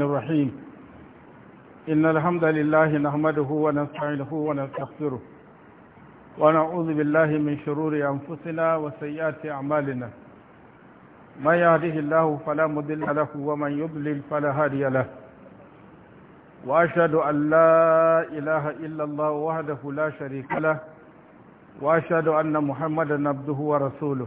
الرحيم إن الحمد لله نحمده ونستعينه ونستغفره ونعوذ بالله من شرور أنفسنا وسيئات أعمالنا ما يهده الله فلا مضل له ومن يضلل فلا هادي له وأشهد أن لا إله إلا الله وحده لا شريك له وأشهد أن محمدا عبده ورسوله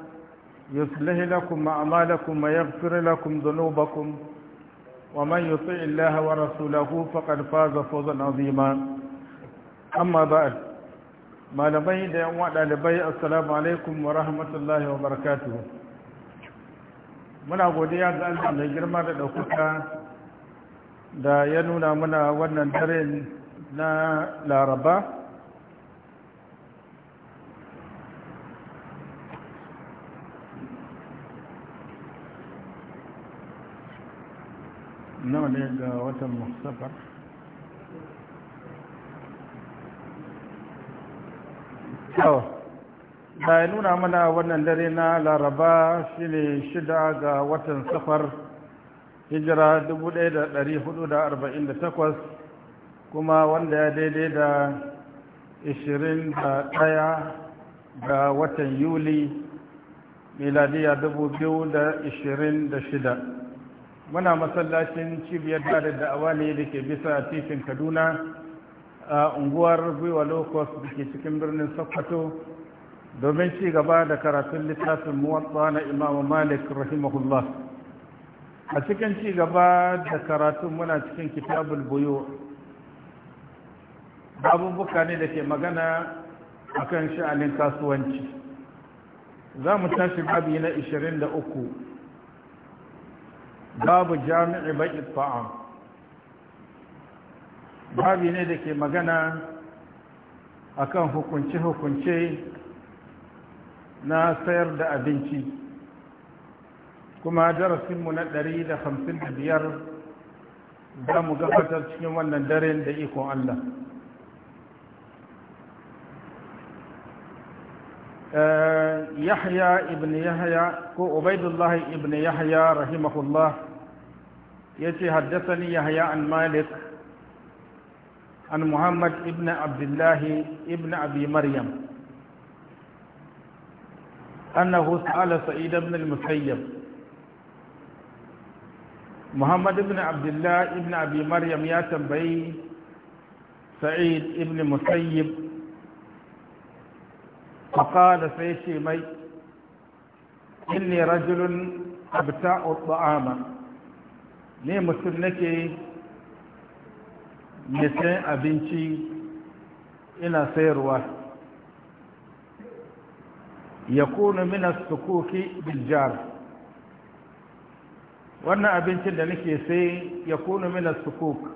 يصلح لكم أعمالكم ويغفر لكم ذنوبكم ومن يطع الله ورسوله فقد فاز فوزا عظيما أما بعد ما لبي دعوة لبي السلام عليكم ورحمة الله وبركاته من godiya ga Allah من girma da ɗaukaka da ya nuna muna wannan dare na laraba nawa ne ga watan musafar da ya nuna mana wannan dare na laraba ne shida ga watan safar hijira 1448 kuma wanda ya daidai da 21 ga watan yuli miladiya 2026 muna masallacin cibiyar da da'awa ne da ke bisa titin kaduna a unguwar gwiwa locus da ke cikin birnin sokoto domin ci gaba da karatun littafin muwatsa na imamu malik rahimahullah a cikin ci gaba da karatun muna cikin kitabul buyo abubuwa ne da ke magana akan sha'anin kasuwanci za mu tashi babi na 23 babu jami'i baki ta'am babi ne da ke magana akan hukunce-hukunce na sayar da abinci kuma darasinmu na ɗari da da biyar za mu gafatar cikin wannan daren da ikon Allah آه، يحيى ابن يحيى كو عبيد الله ابن يحيى رحمه الله يتي حدثني يحيى عن مالك عن محمد ابن عبد الله ابن أبي مريم أنه سأل سعيد بن المسيب محمد بن عبد الله ابن أبي مريم يا تنبي سعيد ابن مسيب faƙala sai ce mai inni rajulun abta'u ta'ama ne mutum nake mai sayan abinci ina sayarwa ya kuna mina sukuki biljar wannan abincin da nake sai ya kuna mina sukuk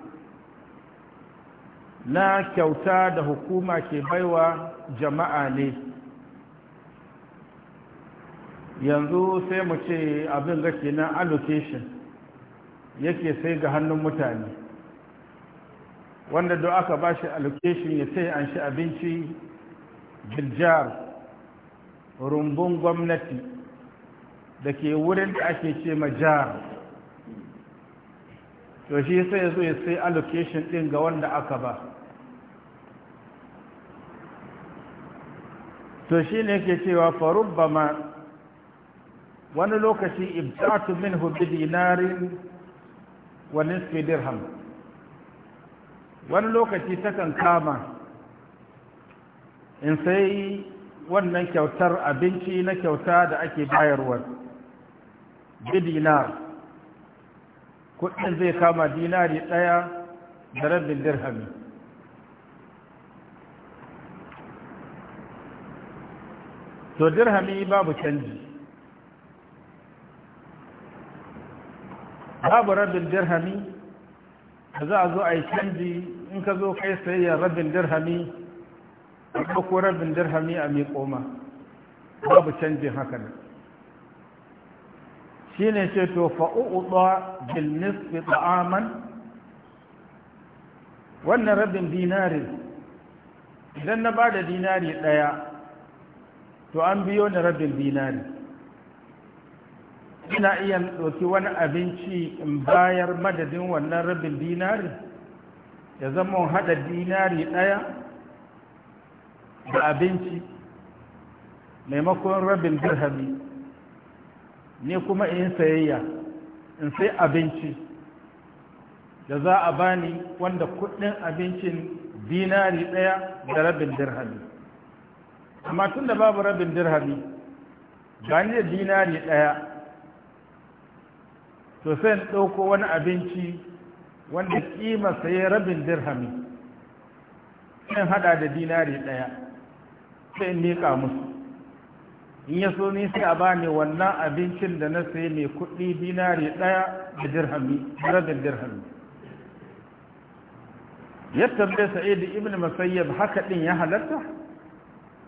na kyauta da hukuma ke baiwa jama'a ne yanzu sai mu ce abin ga kenan allocation yake sai ga hannun mutane wanda da aka ba shi allocation ya sai an shi abinci biljar rumbun gwamnati da ke wurin da ake ce majar to shi sai ya zo ya sai allocation ɗin ga wanda aka ba to shi ne ke cewa farubba ma wani lokaci ibtatu minhu bi dinarin wa nisfi dirham wani lokaci takan kama in sai wannan kyautar abinci na kyauta da ake bayarwa bi dinar kudin zai kama dinari daya da rabin dirhami to dirhami babu canji babu rabin dirhami da za a zo a yi canji in ka zo kai sayayya rabin dirhami a ɗauko rabin dirhami a miƙoma koma babu canjin haka ne shi ne ce to fa'u'uɗa bilnis fi ta'aman wannan rabin dinari idan na ba da dinari ɗaya to an biyo ni rabin dinari ina iya ɗauki wani abinci in bayar madadin wannan rabin dinari ya zama haɗa dinari ɗaya da abinci maimakon rabin dirhami ne kuma in sayayya in sai abinci da za a bani wanda kuɗin abincin dinari ɗaya da rabin dirhami amma tun da babu rabin dirhami ba ni da dinari ɗaya to sai in ɗauko wani abinci wanda kima saye rabin dirhami sai in haɗa da dinari ɗaya sai in miƙa musu in ya so ni sai a bani wannan abincin da na sai mai kuɗi dinari ɗaya da dirhami rabin dirhami ya tambaye sa'id ibn musayyab haka din ya halatta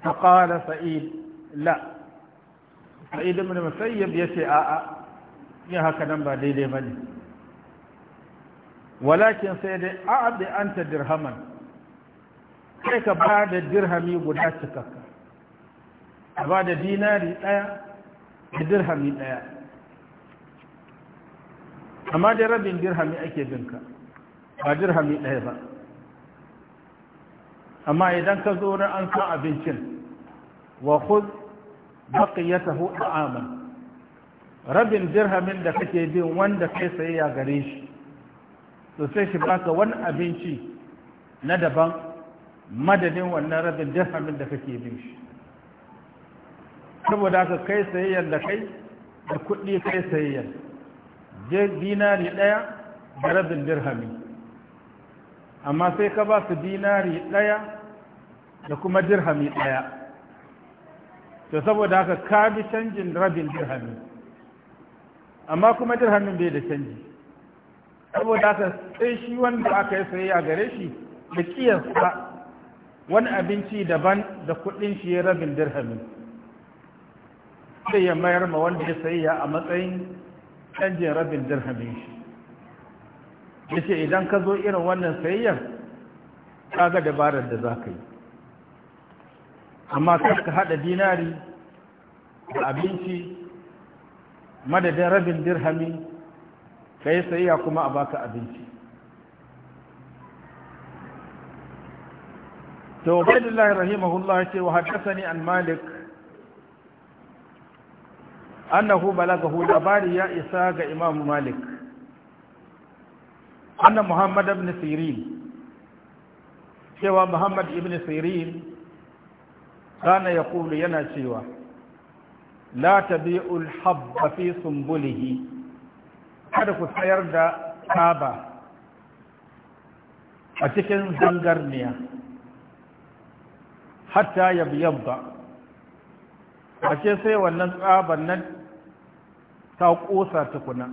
fa qala sa'id la sa'id ibn musayyab yace a'a yin haka nan ba daidai ba ne walakin sai dai a'abi an ta dirhaman kai ka ba da dirhami guda cikakka a ba da dinari daya da dirhami daya amma dai rabin dirhami ake binka ba dirhami daya ba amma idan ka zo na an san abincin wa khudh baqiyatahu ta'aman rabin dirhamin da kake bin wanda kai sayayya gare shi to sai shi baka wani abinci na daban madadin wannan rabin dirhamin da kake bin shi saboda ka kai sayayyar da kai da kuɗi kai sayayyar dinari ɗaya da rabin dirhami amma sai ka ba su dinari ɗaya da kuma dirhami ɗaya to saboda ka bi canjin rabin dirhami amma kuma dirhamin bai da canji saboda haka sai shi wanda aka yi sayayya gare shi da kiyasta wani abinci daban da kuɗin shi ya rabin dirhami sai ya mayar ma wanda ya sayayya a matsayin canjin rabin dirhamin shi yace idan ka zo irin wannan sayayyar ka ga dabarar da za ka yi amma kar ka haɗa dinari da abinci madadin rabin dirhami ka yi sayayya kuma a baka abinci to ubaidullahi rahimahullah ce wa haddasani an malik annahu balagahu labari ya isa ga imam malik anna muhammad ibn sirin cewa muhammad ibn sirin kana yaqulu yana cewa la tabi'ul habba fi sumbulihi kada ku sayar da taba a cikin zangarniya hatta ya ba a ce sai wannan tsaban nan ta kosa tukuna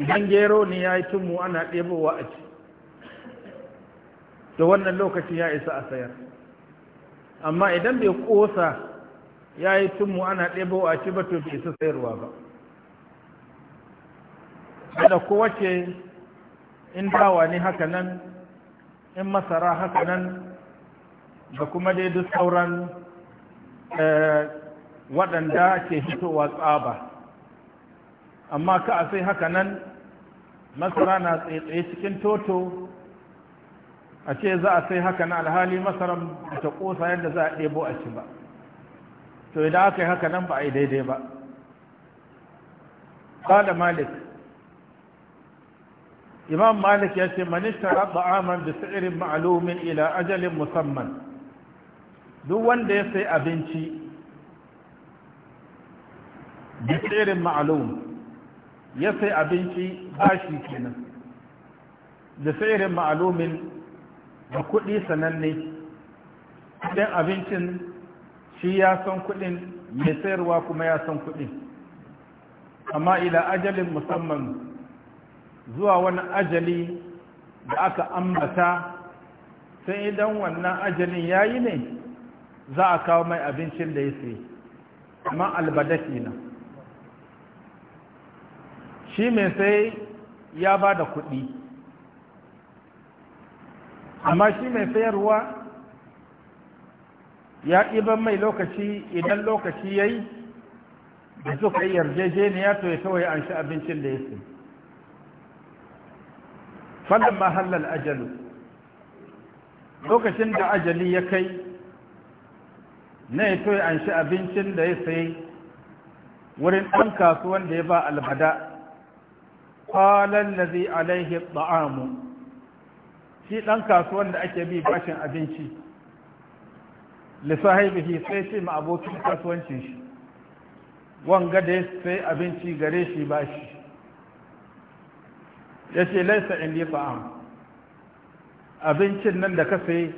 idan gero ne ya yi tumu ana ɗebowa a ci da wannan lokaci ya isa a sayar amma idan bai kosa ya yi tunmu ana ɗebo a ci bato bai isa sayarwa ba da kowace in dawa ne haka nan in masara haka nan da kuma dai duk sauran eh, waɗanda ke fitowa tsaba amma ka a sai haka nan masara na tsaye cikin toto a ce za a sai haka na alhali masaran ta ƙosa yadda za a ɗebo a ci ba to idan aka yi haka nan ba a yi daidai ba kada malik imam malik ya ce man rabba aman da si'rin ma'alumin ila ajalin musamman duk wanda ya sai abinci da si'rin ma'alum ya sai abinci bashi kenan da si'rin ma'alumin da kuɗi sananne kuɗin abincin shi ya san kuɗin mai sayarwa kuma ya san kuɗin amma ila ajalin musamman zuwa wani ajali da aka ambata sai idan wannan ajalin ya yi ne za a kawo mai abincin da ya sai amma albada nan, shi mai sai ya ba da kuɗi amma shi mai sayarwa ya ɗiban mai lokaci idan lokaci ya yi da suka yi yarjejeniya to ya kawai an shi abincin da ya ce falon ma ajalu lokacin da ajali ya kai na ya kawai an shi abincin da ya sayi wurin ɗan kasuwan da ya ba albada kwanan na zai alaihi ba'amu shi ɗan kasuwan da ake bi bashin abinci lissahibihi sai ce ma abokin kasuwancin shi wanga da sai abinci gare shi ba shi ya ce laisa in yi ba'am abincin nan da ka sai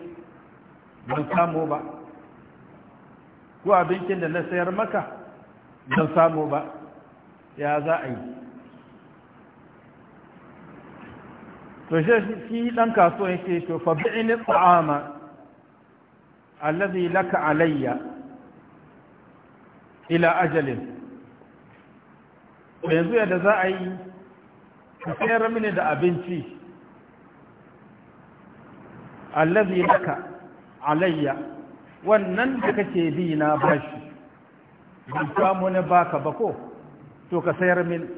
ban samu ba ko abincin da na sayar maka ban samu ba ya za a yi to shi ɗan kasuwa yake to fa bi'ini ta'ama allazi laka alayya ila ajalin yanzu yadda za a yi ka sayar mini da abinci allazi laka alayya wannan da kake bi na bashi ban samu na baka ba ko to ka sayar min.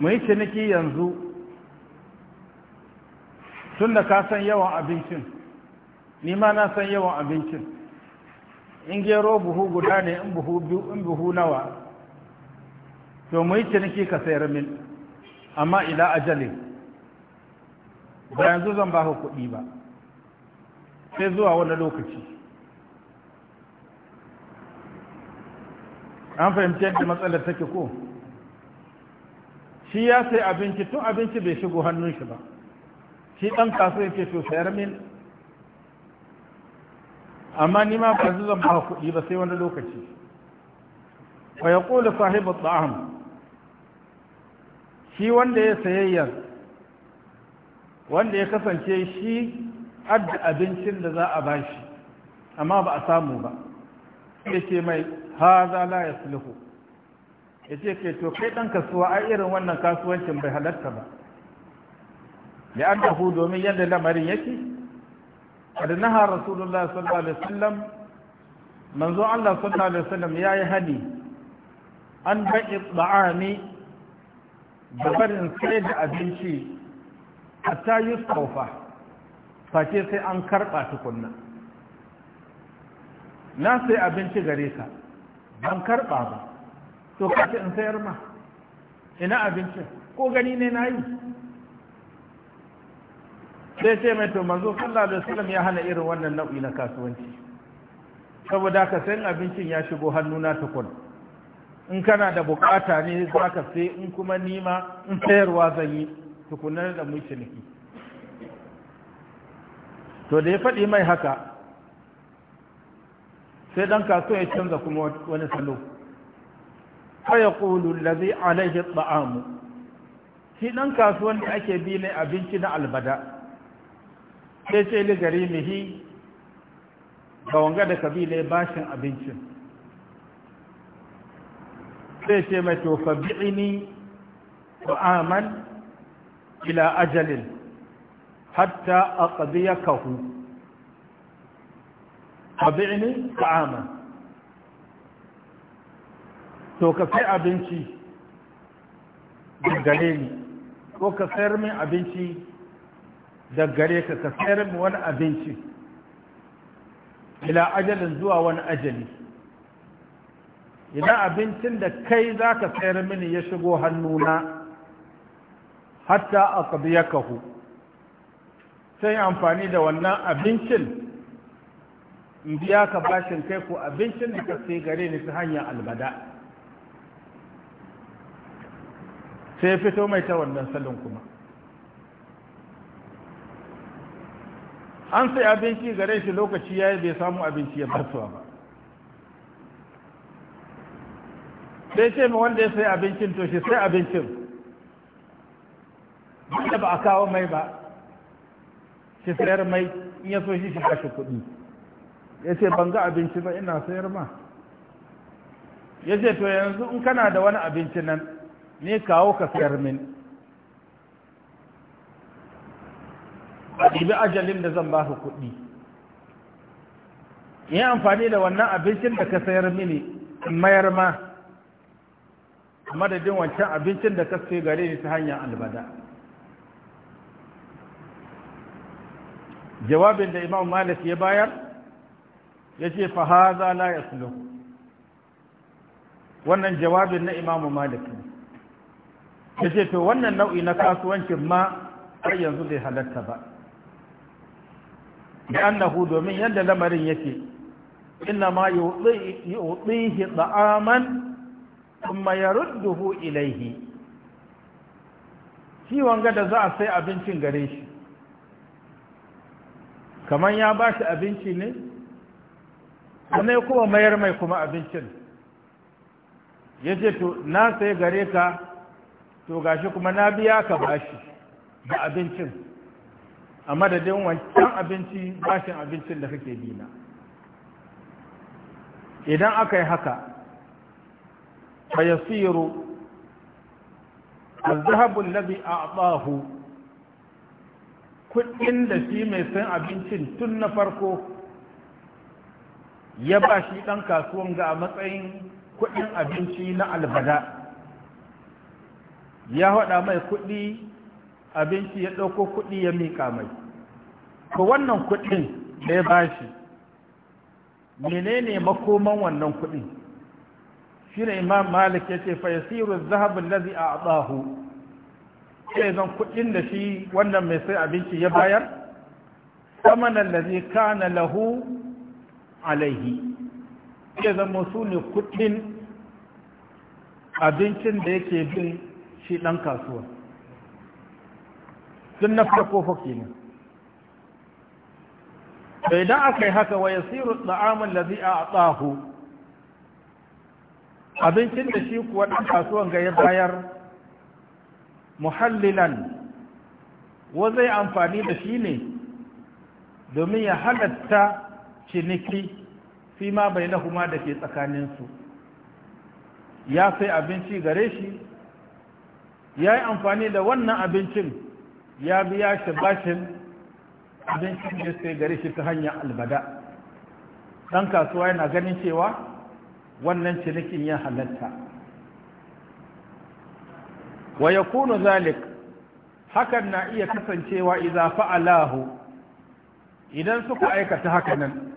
mu yi ciniki yanzu tun da ka san yawan abincin ni ma na san yawan abincin in gero buhu guda ne in buhu biyu in buhu nawa to mu yi ciniki ka sayar min amma ila ajali? ba yanzu zan ba ku kuɗi ba sai zuwa wani lokaci an fahimci yadda matsalar take ko shi ya sai abinci tun abinci bai shigo hannun shi ba shi ɗan kasuwa ce to sayar min amma ni ma ba zan ba kuɗi ba sai wani lokaci wa ya ƙola sahibu ta'am shi wanda ya sayayyar wanda ya kasance shi adda abincin da za a ba shi amma ba a samu ba ya ce mai ha za la ya sulhu ya ce ke to kai ɗan kasuwa a irin wannan kasuwancin bai halatta ba an li'annahu domin yadda lamarin yake qad naha rasulullah sallallahu alaihi wasallam manzo Allah sallallahu alaihi wasallam yi hani an ba'i ta'ami da barin sai da abinci hatta yusaufa face sai an karba tukunna na sai abinci gare ka An karba ba to kace in sayar ma ina abincin ko gani ne nayi sai ce mai to manzo sallallahu alaihi wasallam ya hana irin wannan nau'i na kasuwanci saboda ka san abincin ya shigo hannuna tukun in kana da bukata ne za ka sai in kuma nima in sayarwa zan yi tukunan da mu ciniki to da ya faɗi mai haka sai dan kasuwa ya canza kuma wani salo fa yaqulu allazi alaihi at'amu shi dan kasuwan da ake bi ne abinci na albada sai ce li gari mihi ga wanga da kabila ya bashin abincin sai ce mai to ni bi'ini aman ila ajalin hatta aqdiyakahu ni bi'ini aman to ka sai abinci gare ni ko ka sayar min abinci da gare ka ka sayar mu wani abinci ila ajalin zuwa wani ajali ina abincin da kai za ka sayar mini ya shigo hannuna hatta a ƙabiya kahu sai amfani da wannan abincin in biya ka bashin kai ko abincin da ka sai gare ni ta hanyar albada sai fito mai ta wannan salon kuma an sai abinci gare shi lokaci ya yi bai samu abinci ya basuwa ba sai ce mu wanda ya sai abincin to shi sai abincin wanda ba a kawo mai ba shi sayar mai in ya so shi shi kashe kuɗi ya ce ban ga abinci ba ina sayar ma ya ce to yanzu in kana da wani abinci nan ne kawo ka sayar min a ɗibi ajalin da zan ba ka kuɗi yi amfani da wannan abincin da ka sayar mini mayar ma madadin wancan abincin da ka sai gare ni ta hanyar albada jawabin da imam malik ya bayar ya ce fahaza la ya wannan jawabin na Imam malik ya ce to wannan nau'i na kasuwancin ma har yanzu bai halatta ba bi annahu domin yadda lamarin yake inna ma yu'tihi da'aman kuma yarudduhu ilayhi ilaihi shi wanga da za a sai abincin gare shi kamar ya ba shi abinci ne sannan kuma mayar mai kuma abincin ya ce to na sai gare ka to gashi kuma na biya ka bashi da abincin a madadin wancan abinci bashin abincin da kake dina idan aka yi haka fayasiru labi a a'tahu kudin da shi mai san abincin tun na farko ya ba shi dan kasuwan ga a matsayin kudin abinci na albada ya haɗa mai kudi abinci ya ɗauko kudi ya mika mai to wannan kuɗin da ya bashi menene makoman wannan kuɗin Shi ne imam malik ya ce fayasiru zahabu lazi a atsahu sai zan kuɗin da shi wannan mai sai abinci ya bayar samanan lazi kana lahu alaihi sai zan musu ne kuɗin abincin da yake bin shi ɗan kasuwa Sun na farko fa kenan to idan aka yi haka wa yasiru da'amun a a'tahu abincin da shi kuwa ɗan kasuwan ga ya bayar muhallilan wa zai amfani da shi ne domin ya halatta ciniki fi ma bainahuma da ke tsakaninsu ya sai abinci gare shi ya yi amfani da wannan abincin ya biya shi bashin abinci ne sai gare shi ta hanyar albada ɗan kasuwa yana ganin cewa wannan cinikin ya halatta wa ya kunu zalik hakan na iya kasancewa iza fa'alahu idan suka aikata hakanan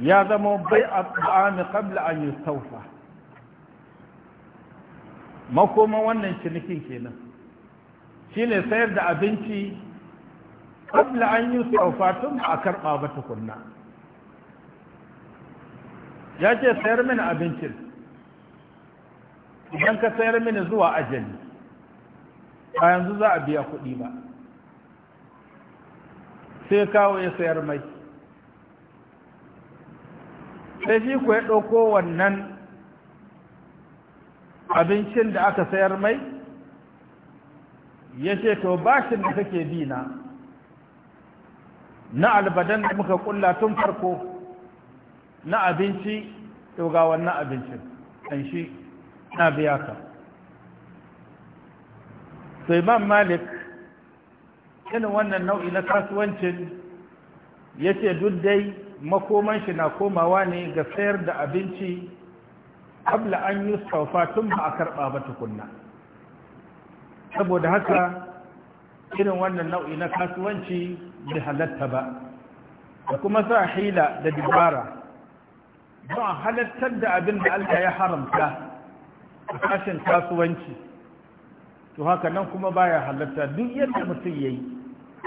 ya zama bai a ta'ami kabla an yi saufa makoma wannan cinikin kenan Shi ne sayar da abinci kabla an yi saufa tun ba a karɓa ba tukunna ya ce sayar mini abincin idan ka sayar mini zuwa ajali a yanzu za a biya kuɗi ba sai kawo ya sayar mai sai shi ku ya ɗauko wannan abincin da aka sayar mai ya ce to bashin da kake bi na na albadan da muka kulla tun farko na abinci ga wannan abincin an shi na biya ka so malik irin wannan nau'i na kasuwancin ya ce duk dai makoman shi na komawa ne ga sayar da abinci kabla an yi tun ba a karɓa ba tukunna saboda haka irin wannan nau'i na kasuwanci bai halatta ba da kuma sa hila da dubara don a halattar da abin da Allah ya haramta a kashin kasuwanci to haka nan kuma baya halatta duk yadda mutum ya yi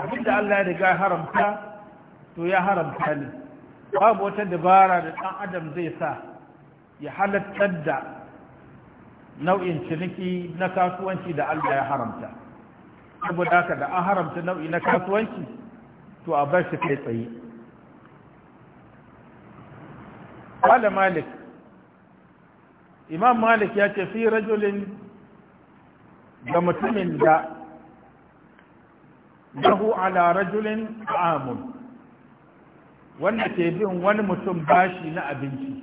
abin da Allah ya riga haramta to ya haramta ne babu wata dabara da ɗan adam zai sa ya halattar da nau'in ciniki na kasuwanci da Allah ya haramta saboda haka da an haramta nau'i na kasuwanci to a bar shi kai tsaye qala malik imam malik ya ce fi rajulin ga mutumin da yahu ala rajulin amun wanda ke bin wani mutum bashi na abinci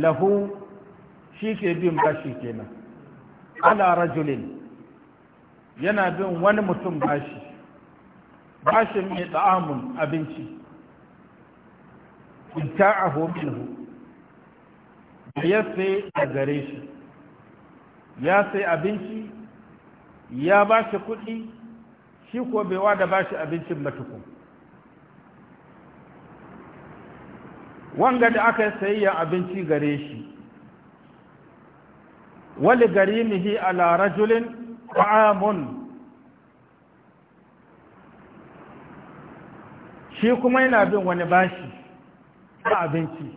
lahu shi ke bin bashi kenan ala rajulin yana bin wani mutum bashi bashi mai da'amun abinci ta a minhu da ya sai a gare shi ya sai abinci ya bashi kuɗi shi ko baiwa da bashi abincin matukun wanga da aka yi sayayyan abinci gare shi wali garimihi ala rajulin طعام shi kuma yana bin wani bashi ba abinci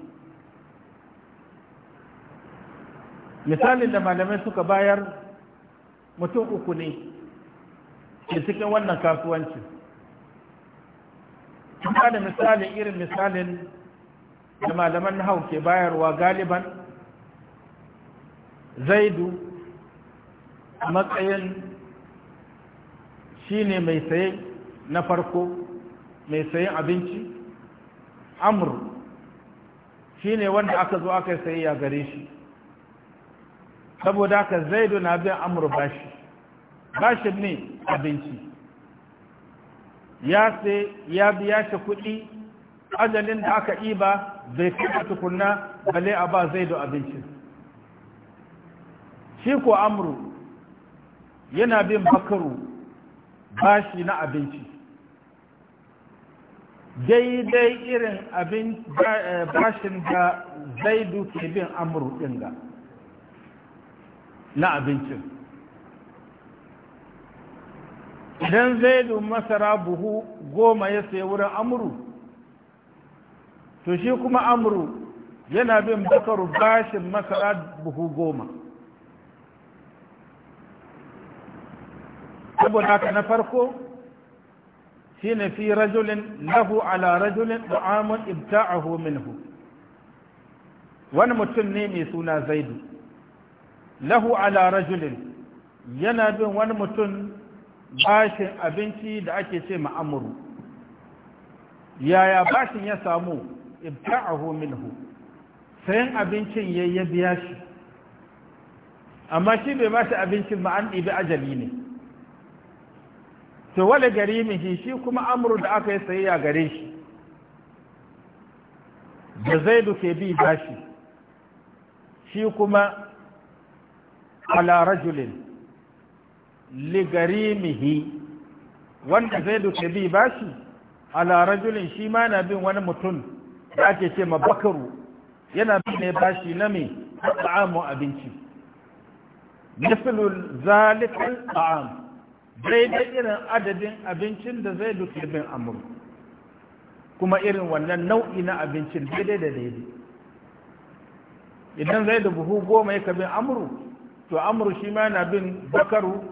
misalin da malamai suka bayar mutum uku ne ke cikin wannan kasuwanci kuma da misali irin misalin da malaman hau ke bayarwa galiban zaidu a matsayin shi ne mai saye na farko mai sayen abinci amur shi ne wanda aka zo aka sayi ya gare shi saboda haka zaidu na bin amur bashi shi ne abinci ya sai ya biya shi kuɗi ajalin da aka iba bai kuma tukunna bale a ba zaidu abincin shi ko amuru yana bin bakaru bashi na abinci daidai irin abin eh, bashin da zaidu ke bin amuru ɗin na abincin idan zaidu masara buhu goma ya sayi wurin amuru to shi kuma amuru yana bin bakaru bashin masara buhu goma saboda haka na farko shine fi rajulin lahu ala rajulin du'amun ibta'ahu minhu wani mutum ne mai suna zaidu lahu ala rajulin yana bin wani mutum bashin abinci da ake ce ma'amuru yaya bashin ya samu ibta'ahu minhu sayan abincin ya biya shi amma shi bai bashi abincin ma'an ɗibi ajali ne to wale jarimihi shi kuma amru da aka yi sayayya gare shi da zai duke bi bashi shi kuma ala gari mihi wanda zai duke bi bashi ala shi ma na bin wani mutum da ake ce ma bakaru yana bin ne bashi na mai ta'amu abinci misalul zalikal ta'amu daidai irin adadin abincin da zai duke bin amur kuma irin wannan nau'i na abincin daidai da daidai idan zai da buhu goma ya kabin amuru to amuru shi ma yana bin bakaru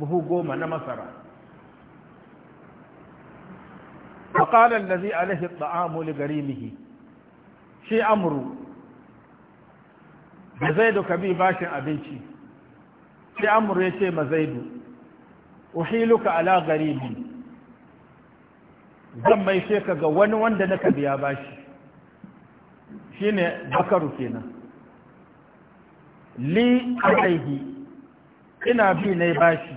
buhu goma na masara فقال الذي عليه الطعام لغريمه shi amuru da zai ka bi bashin abinci shi amuru ya ce ma zaidu uhiluka ala garibi zan mai sheka ga wani wanda naka biya bashi shine bakaru kenan li alaihi ina bi ne bashi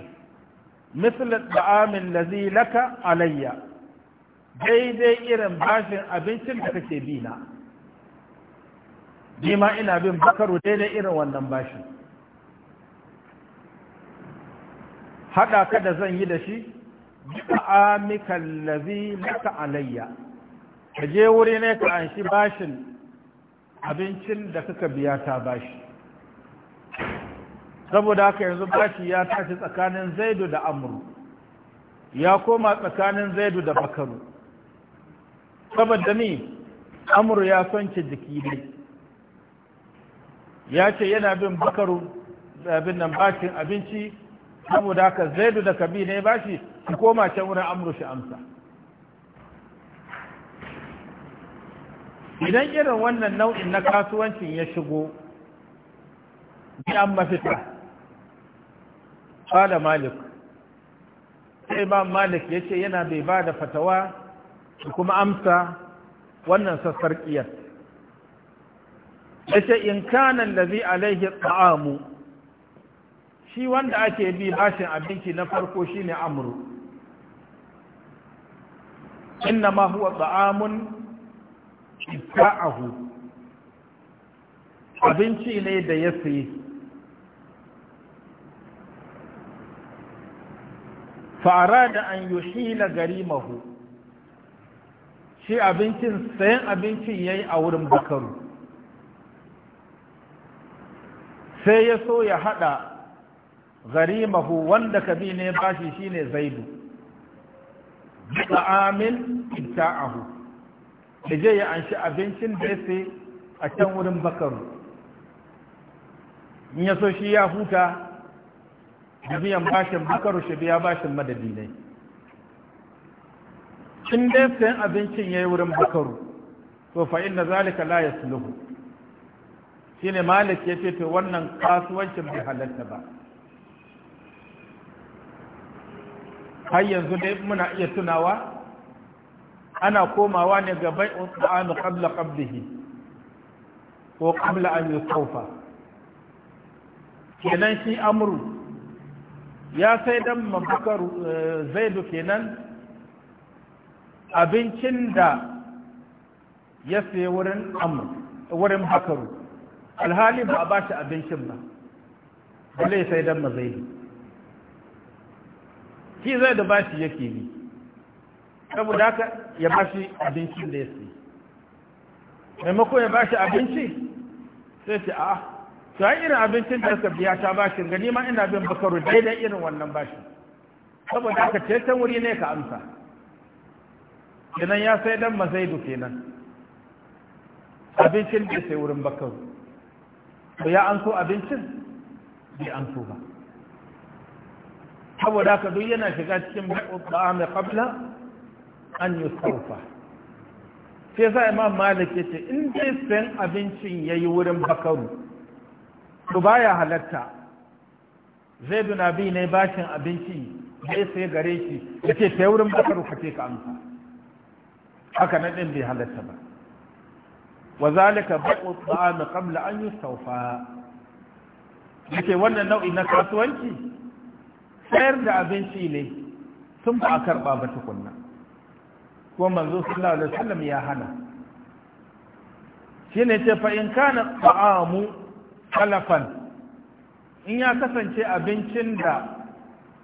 misal da'amin lazi laka alayya daidai irin bashin abincin da kake bi na ma ina bin bakaru daidai irin wannan bashin haɗa ka da zan yi da shi amikan lazi maka alayya ka je wuri ne ka an shi bashin abincin da kaka biya ta bashi saboda haka yanzu bashi ya tashi tsakanin zaidu da amuru ya koma tsakanin zaidu da bakaru saboda ni amuru ya sonke jiki ne ya ce yana bin bakaru da abin nan bashin abinci saboda haka zaidu da kabi ne ba shi su koma can wurin amuru shi amsa idan irin wannan nau'in na kasuwancin ya shigo biyan mafita fada malik sai ba malik ya ce yana bai ba da fatawa da kuma amsa wannan sassarƙiyar ya ce in kanan da zai alaihi ta'amu shi wanda ake bi bashin abinci na farko shi shine amru inna ma huwa ta'amun ibta'ahu abinci ne da ya sayi fara da an yuhila garimahu shi abincin sayan abincin yayi a wurin bakaru sai ya so ya hada gharimahu wanda kabi ne bashi shine zaidu ta'amil ta'ahu je ya anshi abincin da yake a can wurin bakaru in ya so shi ya huta da biyan bashin bakaru shi biya bashin madadi ne in dai sayan abincin yayi wurin bakaru to fa inna zalika la yasluhu shine malik yace to wannan kasuwancin bai halatta ba har yanzu dai muna iya tunawa ana komawa ne ga bai'un ta'amu qabla qabdihi ko qabla an yusawfa kenan shi amru ya sai dan mabakar eh, zaidu kenan abincin da ya sai wurin amru wurin bakaru alhali ba a ba shi abincin ba balle sai dan mazaidu shi zai da bashi yake ne saboda haka ya bashi abincin da ya sai maimakon ya bashi abinci sai ce a to ai irin abincin da suka biya ta bashin gani ma ina bin bakaru daidai irin wannan bashin saboda haka ce can wuri ne ka amsa kenan ya sai dan mazaidu kenan abincin da sai wurin bakaru to ya an so abincin bai an so ba saboda ka duk yana shiga cikin mai qabla an saufa. sai yasa imam malik ce in dai sayan abincin yayi wurin bakaru to baya halatta zai duna bi ne bashin abinci zai sai gare shi yace sai wurin bakaru kace ka amsa haka na din bai halatta ba Wa وذلك بيع الطعام قبل أن يستوفى yake wannan nau'i na kasuwanci sayar da abinci ne sun ba a karɓa ba tukunna ko manzo sallallahu alaihi wasallam ya hana ne ce fa in kana ta'amu salafan in ya kasance abincin da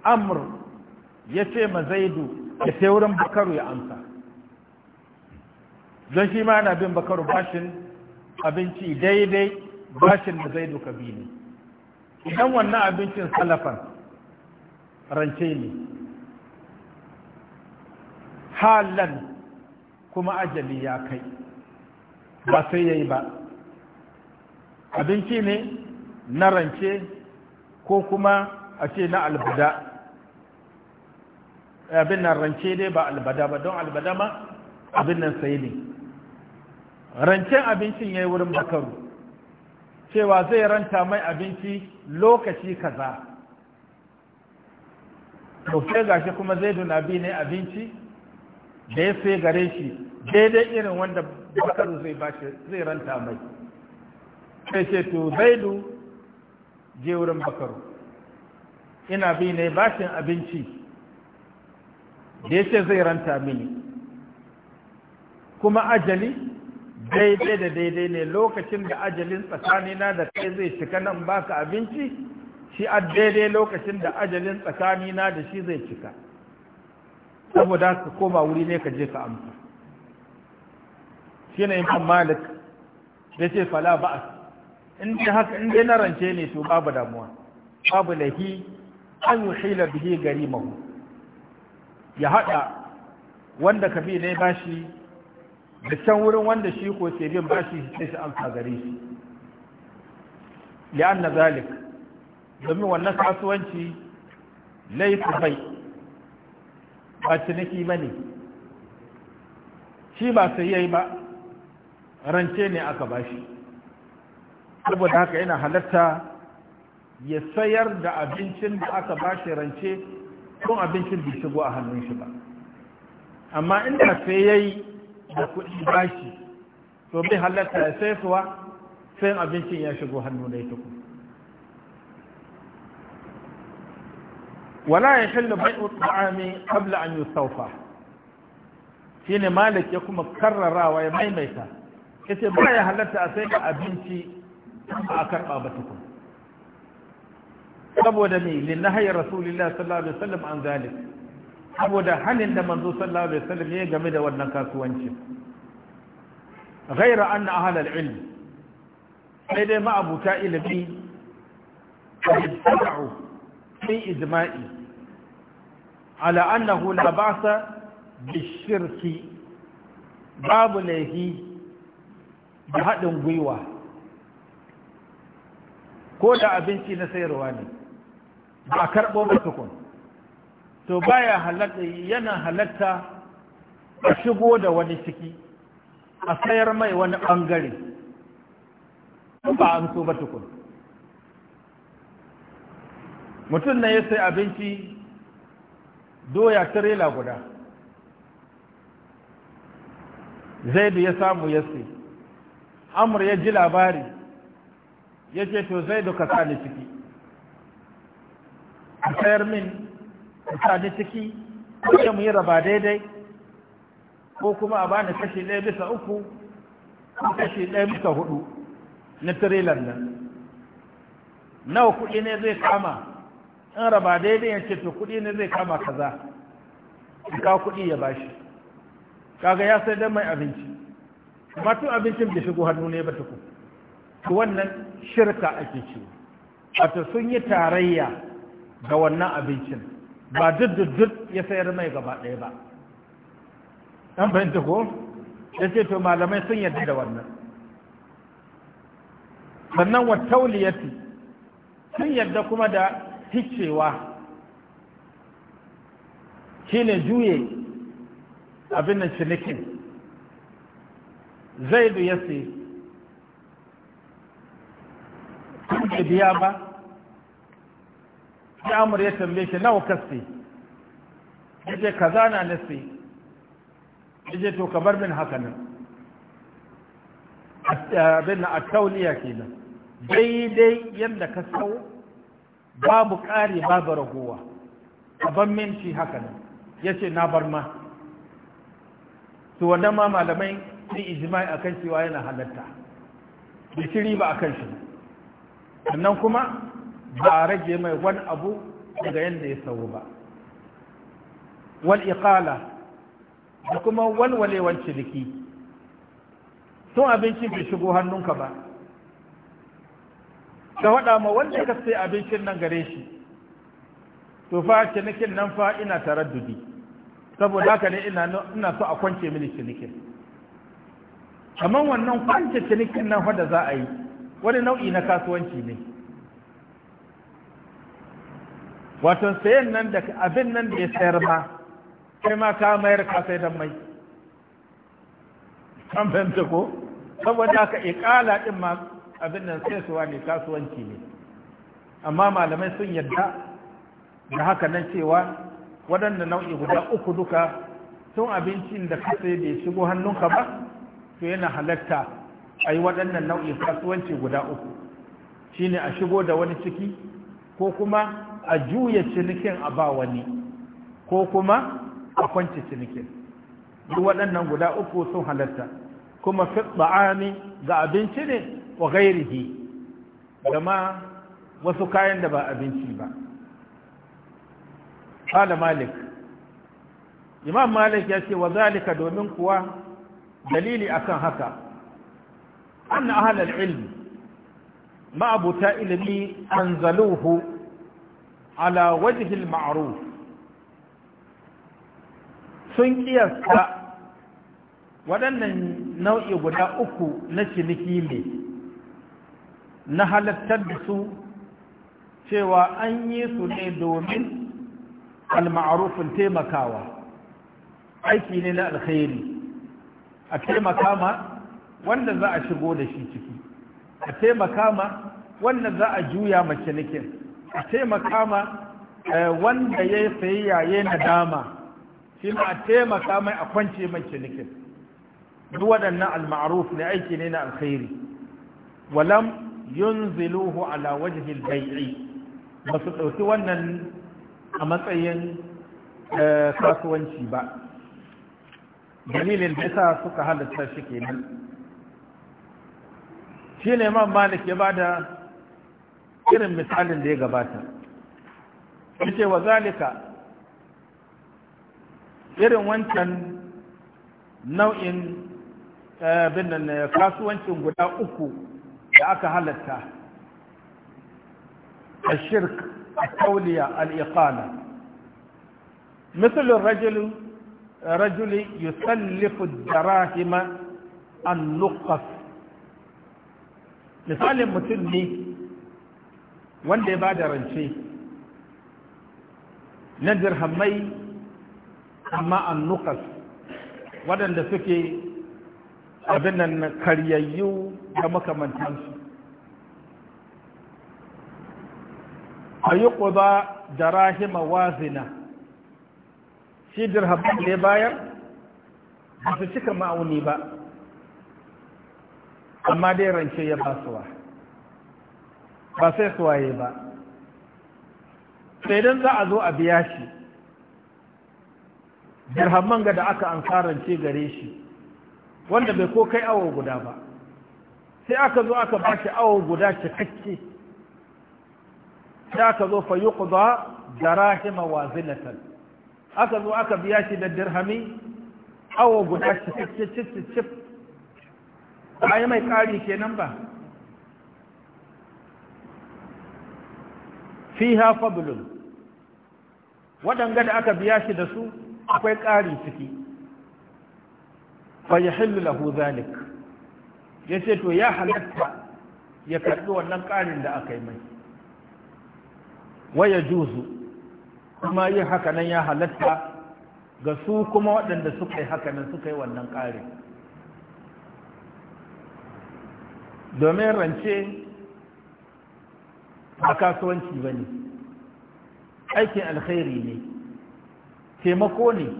amr ya ce ma zaidu ya sai wurin bakaru ya amsa don shi ma yana bin bakaru bashin abinci daidai bashin da zaidu ne, idan wannan abincin salafan rance ne halan kuma ajali ya kai ba sai ya yi ba abinci ne na rance ko kuma a ce na albada abin nan rance dai ba albada ba don albada ma abin nan sai ne rancen abincin ya yi wurin bakaru cewa zai ranta mai abinci lokaci kaza to sai gashi kuma zaidu na bi ne abinci da ya sai gare shi daidai irin wanda bakaru zai bashi zai ranta mai sai ce to zaidu je wurin bakaru ina bi ne bashin abinci da ya ce zai ranta mini kuma ajali daidai da daidai ne lokacin da ajalin tsakanina da kai zai cika nan baka abinci shi a daidai lokacin da ajalin tsakanina da shi zai cika saboda ka koma wuri ne ka je ka amsa shi ne imam malik da ce fala ba'as in dai haka in dai na rance ne to babu damuwa babu lahi an yi hila bihi gari mahu ya haɗa wanda kabi ne bashi da can wurin wanda shi ko ke bin bashi sai shi amsa gare shi li'anna na domin wannan kasuwanci laifin bai ba ciniki ba ne shi ba sai ba rance ne aka bashi saboda haka yana halatta ya sayar da abincin da aka bashi rance kun abincin bai shigo a hannun shi ba amma inda sai yayi da kuɗi bashi to bai halatta ya sai suwa sai abincin ya shigo hannu da ya tukun wala ya shalla bai'u ta'ami qabla an yusawfa shine Maliki ya kuma karrarawa ya maimaita yace ba ya halatta a sai da abinci a karba ba tukun saboda me linnahi rasulullahi sallallahu alaihi wasallam an zalik saboda halin da manzo sallallahu alaihi wasallam ya game da wannan kasuwanci gaira ana ahlal ilm sai dai ma'abuta ilimi da sun ijma'i ala annahu la ba'sa bishirki babu laifi da haɗin gwiwa ko da abinci na sayarwa ne ba a karɓo matukun to baya halatta yana halatta a shigo da wani ciki a sayar mai wani ɓangare ba an so matukun mutum na ya sai abinci doya tirela guda zaidu ya samu ya sai amur ya ji labari ya ce to zaidu ka sa ni ciki a sayar min ka sa ni ciki ko mu yi raba daidai ko kuma a bani kashi ɗaya bisa uku ko kashi ɗaya bisa hudu na tirelan nan nawa kuɗi ne zai kama in raba daidai ya ce to kuɗi ne zai kama kaza ka kuɗi ya bashi kaga ya sai dan mai abinci amma tun abincin bai shigo hannu ne ba tuku to wannan shirka ake A wato sun yi tarayya ga wannan abincin ba duk duk duk ya sayar mai gaba ɗaya ba an fahimta ko ya ce to malamai sun yarda da wannan sannan wa tauliyati sun yarda kuma da shi ne juye abin da cinikin zaidu ya sai kuma biya ba ya amur ya tambaye shi nawa kasi ka kaza na ya ce to ka bar min haka nan abin a tauliya kenan daidai yadda ka sau babu ƙari babu ragowa aban minci haka nan ya ce na bar ma to wannan ma malamai sun a kan cewa yana halatta shiri ba akan shi sannan kuma ba a rage mai wani abu daga yadda ya sau ba wal iqala da kuma walwalewar ciniki sun abinci bai shigo hannunka ba ka faɗa ma wanda ka sai abincin nan gare shi to fa cinikin nan fa ina taraddudi saboda haka ne ina ina so a kwance mini cinikin kamar wannan kwance cinikin nan wanda za a yi wani nau'i na kasuwanci ne wato sayan nan da abin nan da ya sayar ma kai ma ka mayar ka sai dan mai an fahimta ko saboda haka ikala din ma abin nan sai su ne kasuwanci ne amma malamai sun yadda da haka nan cewa waɗanda nau'i guda uku duka tun abincin da kasa bai shigo hannunka ba to yana halatta a yi waɗannan nau'in kasuwanci guda uku Shi ne a shigo da wani ciki ko kuma a juya cinikin a ba wani ko kuma a kwanci cinikin duk waɗannan guda uku sun halatta kuma fi ga abinci ne wa gairihi da ma wasu kayan da ba abinci ba qala malik imam malik ya ce wa zalika domin kuwa dalili akan haka anna ahlul ilmi ma'abuta ilimi anzaluhu ala wajhil ma'ruf sun kiyasta waɗannan nau'i guda uku na ciniki ne na halattar da su cewa an yi su ne domin alma'arufin taimakawa aiki ne na alkhairi a taimaka ma wanda za a shigo da shi ciki a taimaka ma wanda za a juya mace nikin a taimaka ma eh, wanda ya yi sayayya na dama shi ma a taimaka mai a kwance mai cinikin duk waɗannan alma'aruf ne aiki ne na alkhairi walam yunziluhu ala wajhi al-bai'i ba su ɗauki wannan a matsayin eh, kasuwanci ba dalilin da sa suka halatta shi kenan shi ne man malik ya ba da irin misalin da ya gabata yace wa zalika irin wancan nau'in eh, bin eh, kasuwancin guda uku da aka halatta الشرك التولية الإقالة rajuli الرجل رجل يسلف an النقف misalin mutum ne wanda ya ba da rance na dirhamai amma an nukas waɗanda suke abin nan karyayyu da makamantansu a yi ƙuda da rahima wazina shi dirhamin da ya bayar ba su cika ma'auni ba amma dai rance ya basuwa ba sai suwaye ba sai don za a zo a biya shi dirhaman ga da aka an karance gare shi wanda bai ko kai awa guda ba sai aka zo aka ba shi awa guda cikakke sai aka zo fa yuqda darahima wazilatan aka zo aka biya shi da dirhami awa guda cikakke cikakke ba yi mai ƙari kenan ba fiha fadlun waɗanga da aka biya shi da su akwai ƙari ciki fa yahillu lahu zalik yace to ya halatta ya karbi wannan ƙarin da aka yi mai waya juzu kuma yin haka ya halatta ga su kuma waɗanda suka yi haka suka yi wannan ƙarin domin rance a kasuwanci ba ne aikin alkhairi ne taimako ne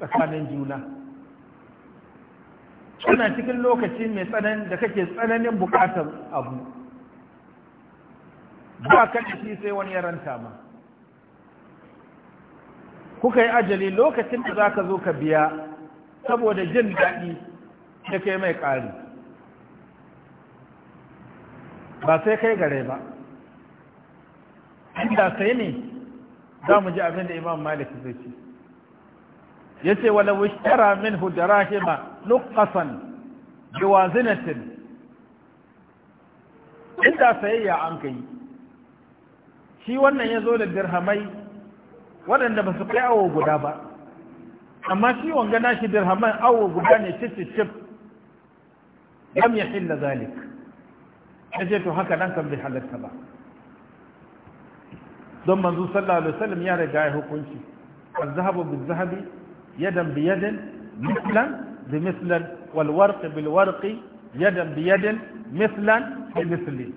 tsakanin juna kana cikin lokaci mai tsanan da kake tsananin bukatar abu ba ka shi sai wani yaranta ma kuka yi ajali lokacin da za ka zo ka biya saboda jin daɗi da kai mai ƙari ba sai kai gare ba inda sai ne za mu ji abin da imam malik zai ce yace wala hudara minhu dirahima nuqqasan biwazinatin inda sayayya an kai shi wannan ya zo da dirhamai waɗanda ba su kai awo guda ba amma shi wanga nashi dirhamai awo guda ne cicicif yam ya hilla zalik ya ce to haka nan kan bai halatta ba don manzo sallallahu alaihi wasallam ya riga ya hukunci al-zahabu bil-zahabi يدا بيد مثلا بمثلا والورق بالورق يدا بيد مثلا بمثل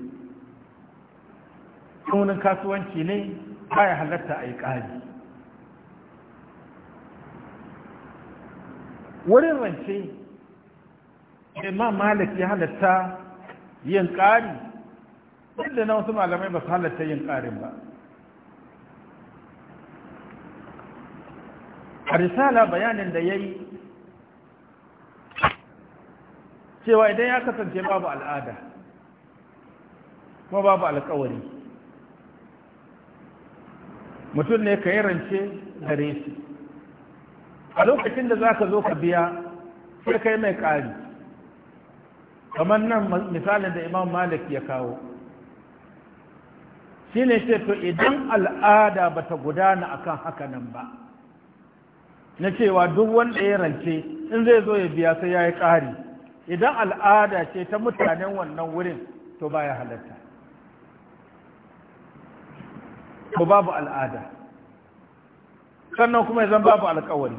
sunan kasuwanci ne baya halatta a ƙari wurin rance imam malik ya halarta yin ƙari inda na wasu malamai ba su halatta yin ƙarin ba a risala bayanin da ya yi cewa idan ya kasance babu al'ada kuma babu alkawari mutum ne ka yi rance gare shi a lokacin da za ka zo ka biya sai kai mai ƙari kamar nan misalin da imam malik ya kawo shi ne to idan al'ada bata gudana akan haka nan ba na cewa duk wanda ya rance in zai zo ya biya sai ya yi ƙari idan al'ada ce ta mutanen wannan wurin to ba ya halatta to babu al'ada sannan kuma zan babu alkawari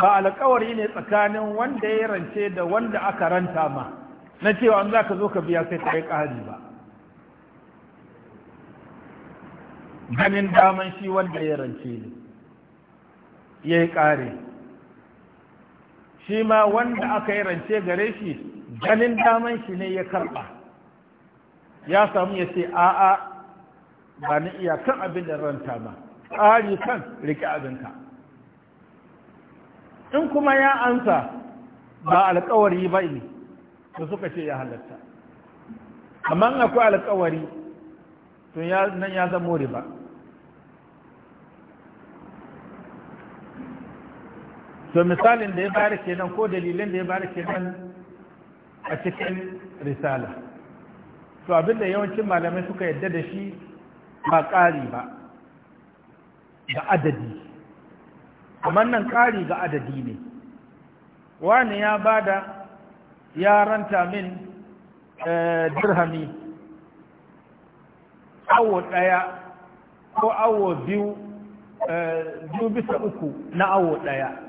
ba alkawari ne tsakanin wanda ya rance da wanda aka ranta ma na cewa an za ka zo ka biya sai ka yi ƙari ba ganin daman shi wanda ya rance ne ya yi ƙare shi ma wanda aka yi rance gare shi ganin daman shi ne ya karɓa ya samu ya ce a'a ba na kan abin da ranta ba ƙari kan riƙe abinka in kuma ya ansa ba alkawari ba ne da suka ce ya halatta amma akwai alkawari tun nan ya zamo riba to misalin da ya bari kenan ko dalilin da ya bari kenan a cikin risala to da yawancin malamai suka yadda da shi ba ƙari ba ga adadi kamar nan ƙari ga adadi ne wani ya bada ya ranta min eh, dirhami awo ɗaya ko awo biyu eh, biyu bisa uku na awo ɗaya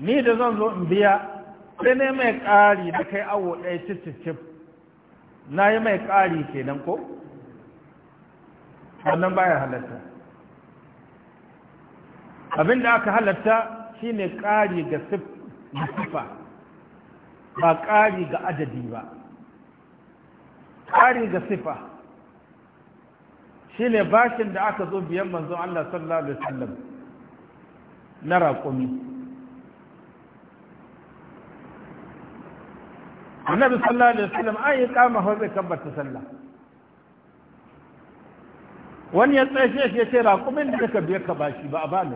ni da zan zo in biya sai ne mai ƙari da kai awo ɗaya cicicif na yi mai ƙari kenan ko wannan baya halatta abin da aka halatta shi ne ƙari ga siffa ba ƙari ga adadi ba ƙari ga siffa ne bashin da aka zo biyan manzon Allah sallallahu alaihi wasallam na raƙumi annabi sallallahu alaihi wasallam ai kama fa zai kabbata sallah wani ya tsaye shi ya ce raƙumin da ka biya ka bashi ba a ba ni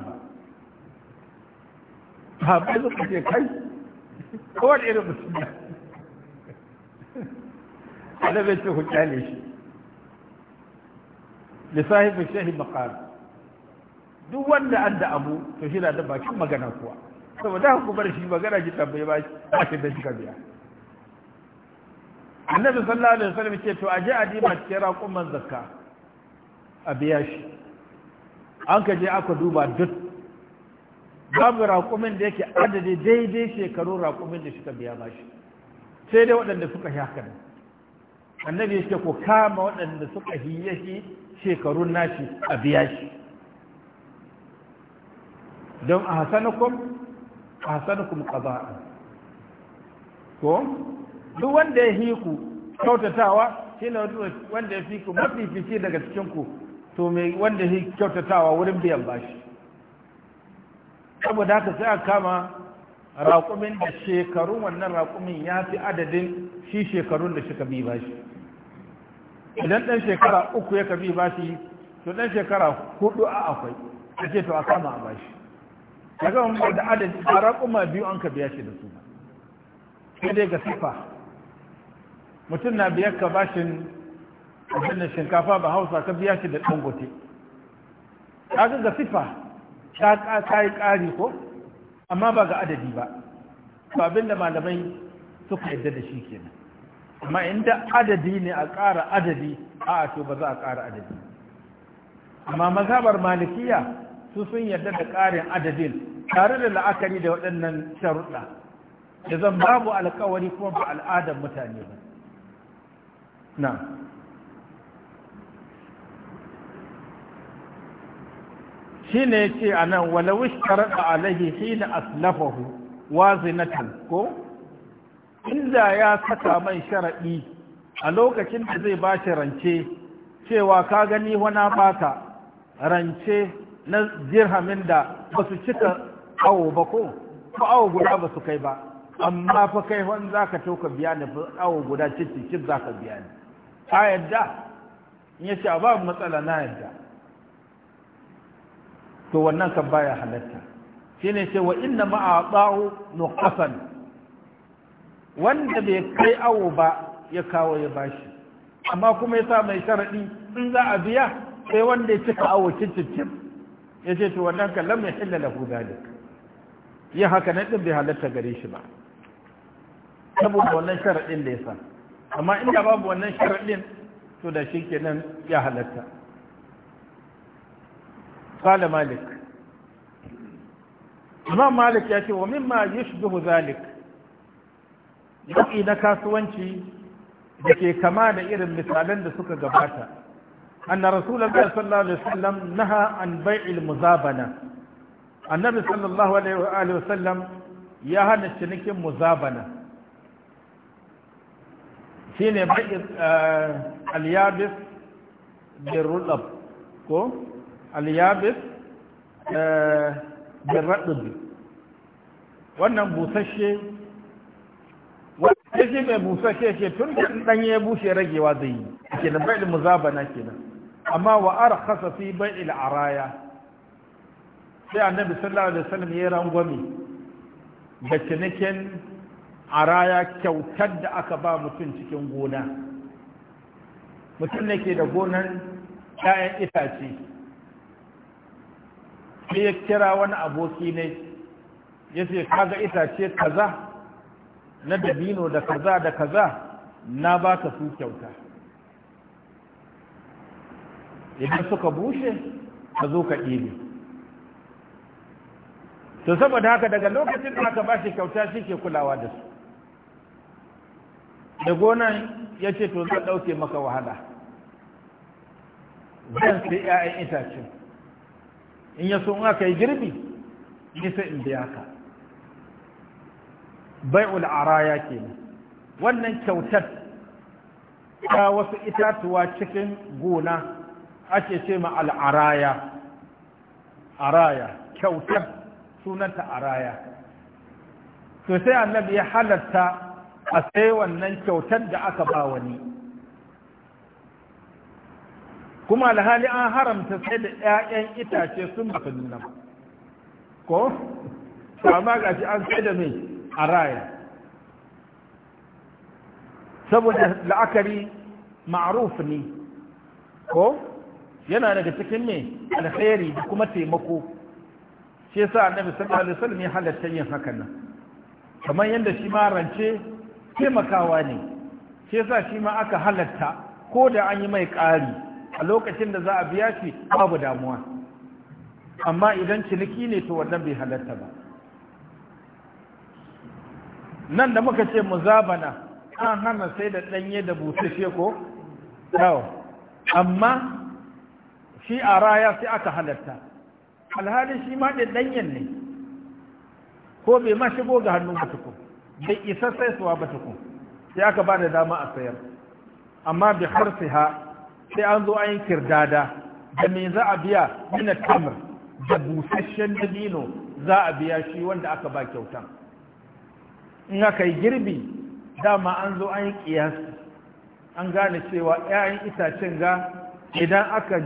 ba ba ba zai kace kai kowar irin mutum da annabi ce ku kyale shi lissahibu shehi makar duk wanda an da abu to shi na da bakin magana kuwa saboda ku bar shi magana ji tambaye ba shi da shi ka biya annabi sallallahu alaihi wasallam ce to aje a diba kun man zakka a biya shi an ka je aka duba duk babu raƙumin da yake adadi daidai shekarun raƙumin da suka biya ba shi sai dai waɗanda suka yi haka annabi yake ko kama waɗanda suka yi shi shekarun nashi a biya shi don a hasanukum a hasanukum ƙaza'a ko duk wanda ya fi ku kyautatawa shi ne wanda ya fi ku mafifici daga cikin ku to mai wanda ya fi kyautatawa wurin biyan bashi saboda haka sai a kama raƙumin da shekarun wannan raƙumin ya fi adadin shi shekarun da suka bi bashi idan ɗan shekara uku ya bi bashi to ɗan shekara hudu a akwai a ce to a kama a bashi ya wani da adadin a raƙuma biyu an ka biya shi da su ba sai dai ga sifa mutum na biyar ka bashin abin da shinkafa ba hausa ka biya shi da dangote ka ga sifa ta yi ƙari ko amma ba ga adadi ba abin abinda malamai suka yadda da shi kenan amma inda adadi ne a ƙara adadi a to ba za a ƙara adadi amma mazhabar malikiya su sun yarda da ƙarin adadin tare da la'akari da waɗannan sharuɗa da zan babu alkawari kuma ba al'adar mutane ba na shi ne ce a nan walawish karaɗa alaihi shi na aslafahu wazinatan ko inda ya saka mai sharaɗi a lokacin da zai ba shi rance cewa ka gani wana baka rance na jirhamin da ba su cika awo ba ko ko awo guda ba su kai ba amma fa kai wani za ka tauka biya ne awo guda cikin cip za ka biya ne ta yadda in ya ce babu matsala na yadda to wannan kan baya halatta shi ne ce wa inna ma'a tsawo nukasan wanda bai kai awo ba ya kawo ya bashi amma kuma ya sa mai sharaɗi in za a biya sai wanda ya cika awo cikin ya ce to wannan kan lam ya hilla zalik yin haka na din bai halatta gare shi ba saboda wannan sharaɗin da ya sa amma inda babu wannan sharaɗin to da shi kenan ya halatta qala malik imam malik ya ce wa mimma yashbihu zalik nau'i na kasuwanci da ke kama da irin misalan da suka gabata anna rasulullahi sallallahu alaihi wasallam naha an bai'il muzabana annabi sallallahu alaihi wa alihi wasallam ya hana cinikin muzabana shi ne eh, aliyabis bin rudab ko aliyabis eh, bin raɗin wannan busashe. Wannan shi mai busashe ce tun da ɗan ya bushe ragewa zai yi ke da bai muzabana ke nan amma wa arkasa fi bai araya sai annabi sallallahu alaihi wasallam ya rangwame da cinikin a raya kyautar da aka ba mutum cikin gona mutum ne ke da gonan 'ya'yan itace sai ya kira wani aboki ne ya ce kaga itace kaza na dabino da kaza da kaza na ba ka su kyauta idan suka bushe ka zo ka ɗebe to saboda haka daga lokacin da aka ba shi kyauta shi ke kulawa da su da gonan ya ce to zan ɗauke maka wahala zan sai 'ya'yan itacen in ya so in aka yi girbi nisa in biya ka bai'ul araya ke wannan kyautar ta wasu itatuwa cikin gona ake ce ma al'araya araya kyautar sunanta araya to sai annabi ya halatta a sai wannan kyautar da aka ba wani kuma alhali an haramta sai da 'ya'yan itace sun baka nuna ba ko amma ga shi an sai da mai a raya saboda la'akari ma'aruf ne ko yana daga cikin mai alkhairi da kuma taimako shi yasa annabi sallallahu alaihi wasallam ya halatta yin hakan nan kamar yadda shi ma rance taimakawa ne shi sa shi ma aka halatta ko da an yi mai ƙari a lokacin da za a biya shi babu damuwa amma idan ciniki ne to wannan bai halatta ba nan da muka ce muzabana an hana sai da ɗanye da busasshe ko yau amma shi a raya sai aka halatta alhali shi ma da ɗanyen ne ko bai ma shigo ga hannun mutukun bai isa sai suwa ba kun sai aka ba da dama a sayar amma bi ha sai an zo an yi kirdada da me za a biya mina tamr da busasshen dabino za a biya shi wanda aka ba kyauta in aka yi girbi dama an zo an yi kiyasi an gane cewa 'ya'yan itacen ga idan aka